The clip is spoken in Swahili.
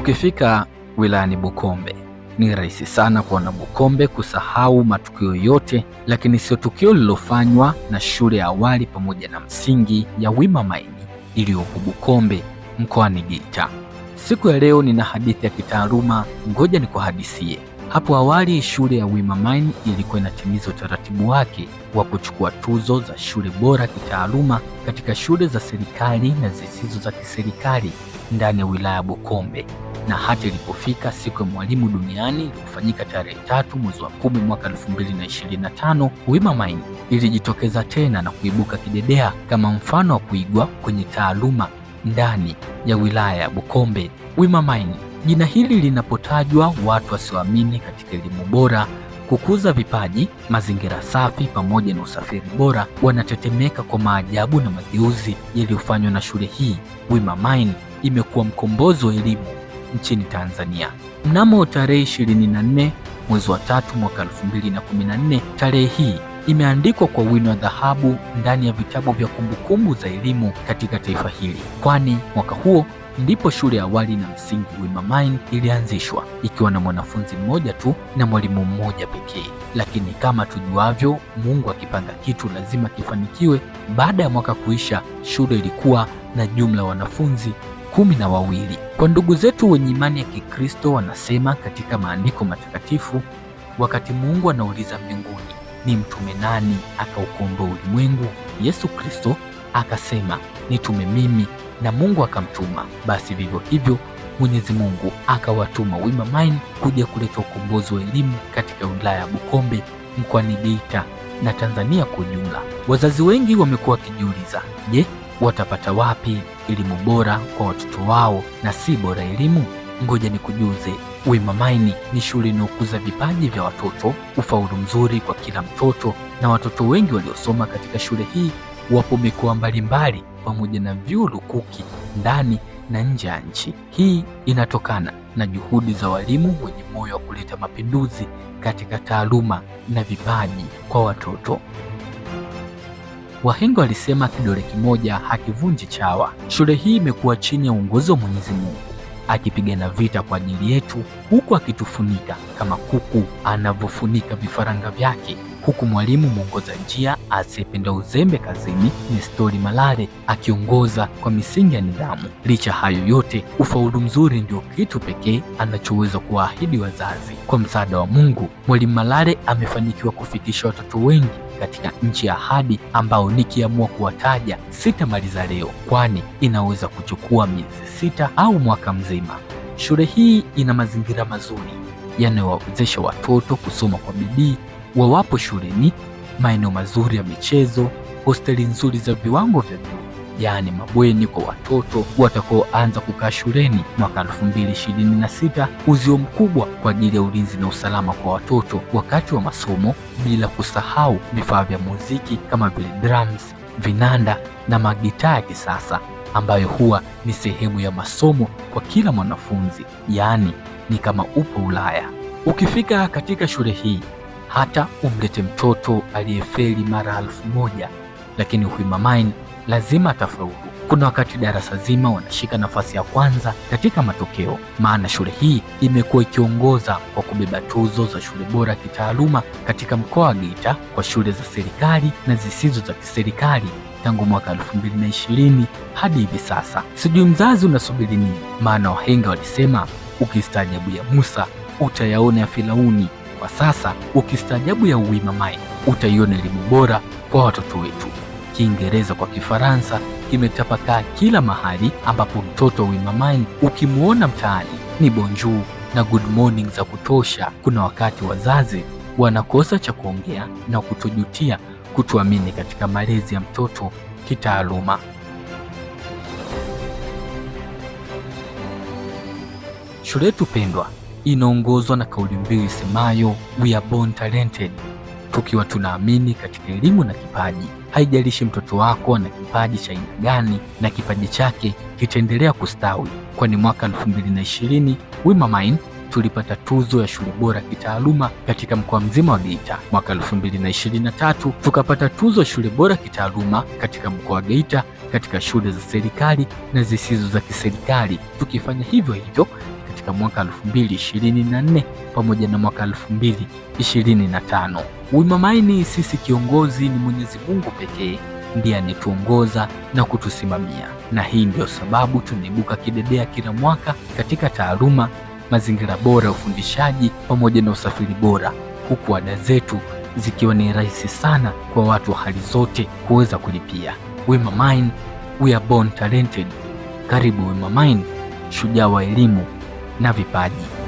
Ukifika wilayani Bukombe ni rahisi sana kwa Wanabukombe kusahau matukio yote, lakini sio tukio lilofanywa na shule ya awali pamoja na msingi ya Wima Maini iliyopo Bukombe mkoani Geita. Siku ya leo nina hadithi ya kitaaluma, ngoja nikuhadisie. Hapo awali shule ya Wima Maini ilikuwa inatimiza utaratibu wake wa kuchukua tuzo za shule bora kitaaluma katika shule za serikali na zisizo za kiserikali ndani ya wilaya ya Bukombe na hata ilipofika siku ya mwalimu duniani iliyofanyika tarehe tatu mwezi wa kumi mwaka 2025, Wiba Main ilijitokeza tena na kuibuka kidedea kama mfano wa kuigwa kwenye taaluma ndani ya wilaya ya Bukombe. Wiba jina hili linapotajwa, watu wasioamini katika elimu bora kukuza vipaji, mazingira safi pamoja na usafiri bora, wanatetemeka kwa maajabu na mageuzi yaliyofanywa na shule hii. Wiba Main imekuwa mkombozi wa elimu nchini Tanzania. Mnamo tarehe 24 mwezi wa tatu mwaka 2014, tarehe hii imeandikwa kwa wino wa dhahabu ndani ya vitabu vya kumbukumbu za elimu katika taifa hili, kwani mwaka huo ndipo shule ya awali na msingi Wema Mind ilianzishwa ikiwa na mwanafunzi mmoja tu na mwalimu mmoja pekee. Lakini kama tujuavyo, Mungu akipanga kitu lazima kifanikiwe. Baada ya mwaka kuisha, shule ilikuwa na jumla wanafunzi kumi na wawili. Kwa ndugu zetu wenye imani ya Kikristo wanasema katika maandiko matakatifu, wakati Mungu anauliza mbinguni, ni mtume nani akaukomboa ulimwengu? Yesu Kristo akasema, nitume mimi, na Mungu akamtuma. Basi vivyo hivyo Mwenyezi Mungu akawatuma Wima Mind kuja kuleta ukombozi wa elimu katika wilaya ya Bukombe mkoani Geita na Tanzania kwa ujumla. Wazazi wengi wamekuwa wakijiuliza, je, watapata wapi elimu bora kwa watoto wao na si bora elimu? Ngoja nikujuze, Wima Maini ni shule inayokuza vipaji vya watoto, ufaulu mzuri kwa kila mtoto, na watoto wengi waliosoma katika shule hii wapo mikoa mbalimbali pamoja na vyuo lukuki ndani na nje ya nchi. Hii inatokana na juhudi za walimu wenye moyo wa kuleta mapinduzi katika taaluma na vipaji kwa watoto. Wahenga walisema kidole kimoja hakivunji chawa. Shule hii imekuwa chini ya uongozi wa Mwenyezi Mungu akipigana vita kwa ajili yetu huku akitufunika kama kuku anavyofunika vifaranga vyake, huku mwalimu mwongoza njia asiyependa uzembe kazini Nestori Malale akiongoza kwa misingi ya nidhamu. Licha hayo yote, ufaulu mzuri ndio kitu pekee anachoweza kuwaahidi wazazi. Kwa msaada wa Mungu, Mwalimu Malale amefanikiwa kufikisha watoto wengi katika nchi ya ahadi, ambao nikiamua kuwataja sitamaliza leo, kwani inaweza kuchukua miezi sita au mwaka mzima. Shule hii ina mazingira mazuri yanayowawezesha watoto kusoma kwa bidii wawapo shuleni, maeneo mazuri ya michezo, hosteli nzuri za viwango vya juu, yaani mabweni kwa watoto watakaoanza kukaa shuleni mwaka 2026, uzio mkubwa kwa ajili ya ulinzi na usalama kwa watoto wakati wa masomo, bila kusahau vifaa vya muziki kama vile drums, vinanda na magitaa ya kisasa ambayo huwa ni sehemu ya masomo kwa kila mwanafunzi, yaani ni kama upo Ulaya. Ukifika katika shule hii, hata umlete mtoto aliyefeli mara elfu moja lakini Huima mind lazima atafaulu. Kuna wakati darasa zima wanashika nafasi ya kwanza katika matokeo, maana shule hii imekuwa ikiongoza kwa kubeba tuzo za shule bora kitaaluma katika mkoa wa Geita kwa shule za serikali na zisizo za kiserikali tangu mwaka 2020 hadi hivi sasa. Sijui mzazi unasubiri nini? Maana wahenga walisema ukistaajabu ya Musa utayaona ya Firauni. Kwa sasa ukistaajabu ya Uwimamae utaiona elimu bora kwa watoto wetu. Kiingereza kwa Kifaransa kimetapakaa kila mahali, ambapo mtoto wa Uwimamae ukimwona mtaani ni bonjuu na good morning za kutosha. Kuna wakati wazazi wanakosa cha kuongea na kutojutia kutuamini katika malezi ya mtoto kitaaluma. Shule yetu pendwa inaongozwa na kauli mbiu isemayo we are born talented, tukiwa tunaamini katika elimu na kipaji. Haijalishi mtoto wako ana kipaji cha aina gani, na kipaji chake kitaendelea kustawi, kwani mwaka 2020 Wima Mind tulipata tuzo ya shule bora kitaaluma katika mkoa mzima wa Geita. Mwaka 2023 tukapata tuzo ya shule bora kitaaluma katika mkoa wa Geita katika shule za serikali na zisizo za kiserikali, tukifanya hivyo hivyo katika mwaka 2024 pamoja na mwaka 2025. Wimamaini sisi kiongozi ni Mwenyezi Mungu pekee ndiye anetuongoza na kutusimamia, na hii ndio sababu tunaibuka kidedea kila mwaka katika taaluma mazingira bora ya ufundishaji pamoja na usafiri bora, huku ada zetu zikiwa ni rahisi sana kwa watu wa hali zote kuweza kulipia. Wema Mind, we are born talented. Karibu Wema Mind, shujaa wa elimu na vipaji.